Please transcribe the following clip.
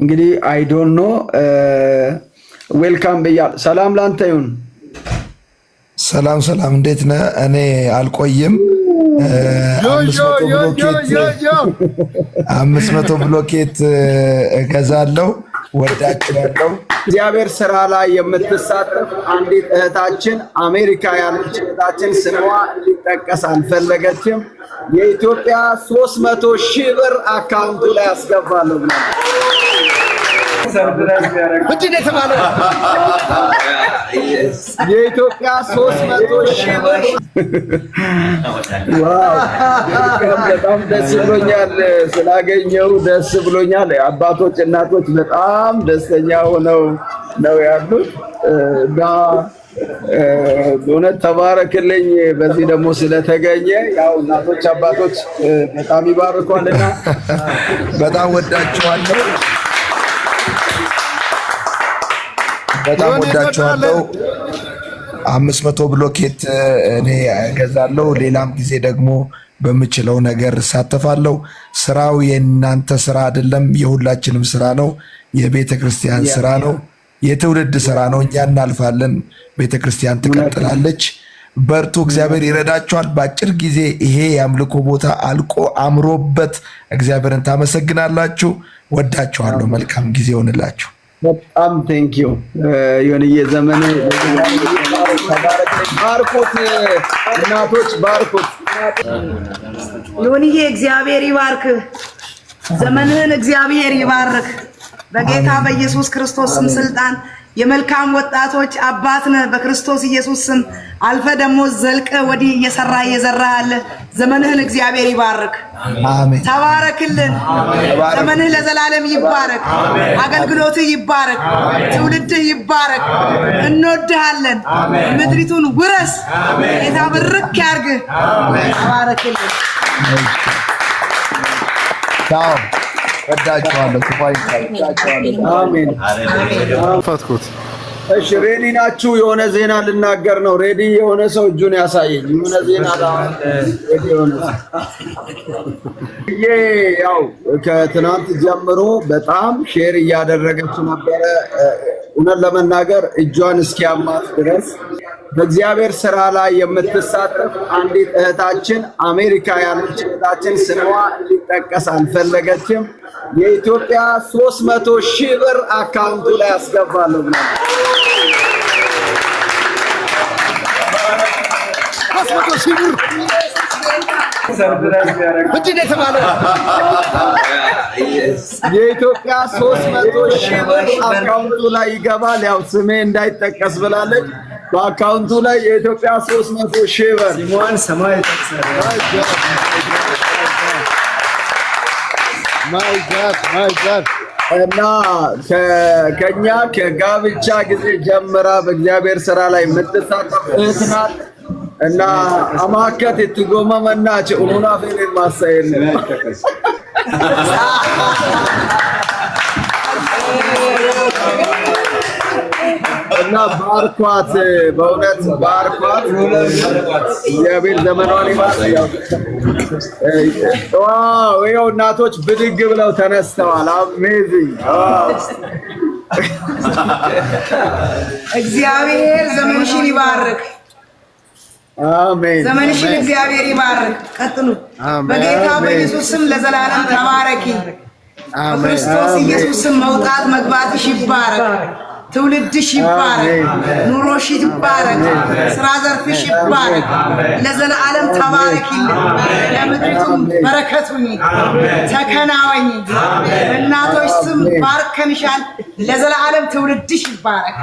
እንግዲህ አይዶን ኖ ዌልካም ብያል። ሰላም ለአንተ ይሁን። ሰላም ሰላም፣ እንዴት ነህ? እኔ አልቆይም። አምስት መቶ ብሎኬት uh, እገዛለሁ። ወዳችኋለሁ። እግዚአብሔር ስራ ላይ የምትሳተፍ አንዲት እህታችን አሜሪካ ያለች እህታችን ስሟ እንዲጠቀስ አልፈለገችም። የኢትዮጵያ ሶስት መቶ ሺህ ብር አካውንቱ ላይ አስገባለሁ። ምንድን የተባለው የኢትዮጵያ ሶስት መቶ በጣም ደስ ብሎኛል፣ ስላገኘው ደስ ብሎኛል። አባቶች እናቶች በጣም ደስተኛ ሆነው ነው ያሉት እና በእውነት ተባረክልኝ። በዚህ ደግሞ ስለተገኘ ያው እናቶች አባቶች በጣም ይባርኳልና በጣም ወዳችኋለሁ። በጣም ወዳችኋለሁ። አምስት መቶ ብሎኬት እኔ እገዛለሁ። ሌላም ጊዜ ደግሞ በምችለው ነገር እሳተፋለሁ። ስራው የእናንተ ስራ አይደለም፣ የሁላችንም ስራ ነው። የቤተ ክርስቲያን ስራ ነው፣ የትውልድ ስራ ነው። እኛ እናልፋለን፣ ቤተ ክርስቲያን ትቀጥላለች። በርቱ፣ እግዚአብሔር ይረዳቸዋል በአጭር ጊዜ ይሄ የአምልኮ ቦታ አልቆ አምሮበት እግዚአብሔርን ታመሰግናላችሁ። ወዳችኋለሁ። መልካም ጊዜ ሆንላችሁ። በጣም ቴንኪዩ የሆንዬ ዘመን ባርኩት፣ እናቶች ባርኩት። የሆንዬ እግዚአብሔር ይባርክ፣ ዘመንህን እግዚአብሔር ይባርክ። በጌታ በኢየሱስ ክርስቶስ ስም ስልጣን የመልካም ወጣቶች አባት ነህ። በክርስቶስ ኢየሱስ ስም አልፈ ደግሞ ዘልቀ ወዲህ እየሰራ እየዘራ ያለ ዘመንህን እግዚአብሔር ይባርክ። ተባረክልን። ዘመንህ ለዘላለም ይባረክ። አገልግሎትህ ይባረክ። ትውልድህ ይባረክ። እንወድሃለን። ምድሪቱን ውረስ። ጌታ ብርክ ያርግህ። ተባረክልን። ፈትኩት። እሺ ሬዲ ናችሁ? የሆነ ዜና ልናገር ነው። ሬዲ የሆነ ሰው እጁን ያሳየኝ። የሆነ ዜና ያው ከትናንት ጀምሮ በጣም ሼር እያደረገች ነበረ። እውነት ለመናገር እጇን እስኪያማት ድረስ በእግዚአብሔር ስራ ላይ የምትሳተፍ አንዲት እህታችን አሜሪካ ያለች እህታችን ስሟ ሊጠቀስ አልፈለገችም። የኢትዮጵያ 300 መቶ ሺህ ብር አካውንቱ ላይ አስገባለሁ የኢትዮጵያ 300 ሺህ ብር አካውንቱ ላይ ይገባል። ያው ስሜ እንዳይጠቀስ ብላለች። በአካውንቱ ላይ የኢትዮጵያ 300 ሺህ ብር እና ከኛ ከጋብቻ ጊዜ ጀምራ በእግዚአብሔር ስራ ላይ የምትሳተፍ እህት ናት። እና አማከት የትጎመመናች ሙናፌን ማሳየን ነው እና ባርኳት፣ በእውነት ባርኳት። እግዚአብሔር ዘመኗን ይኸው እናቶች ብድግ ብለው ተነስተዋል። አሜዚንግ እግዚአብሔር ዘመንሽን ይባርክ። አሜን። ዘመንሽን እግዚአብሔር ይባርክ። ቀጥሉ። በጌታ በኢየሱስ ስም ለዘላለም ተባረኪ። በክርስቶስ ኢየሱስ ስም መውጣት መግባትሽ ይባረክ። ትውልድሽ ይባረክ፣ ኑሮሽ ይባረክ፣ ስራ ዘርፍሽ ይባረክ። ለዘለዓለም ተባረኪልን፣ ለምድሪቱም በረከቱኝ፣ ተከናወኝ። እናቶች ስም ባርከንሻል። ለዘለዓለም ትውልድሽ ይባረክ።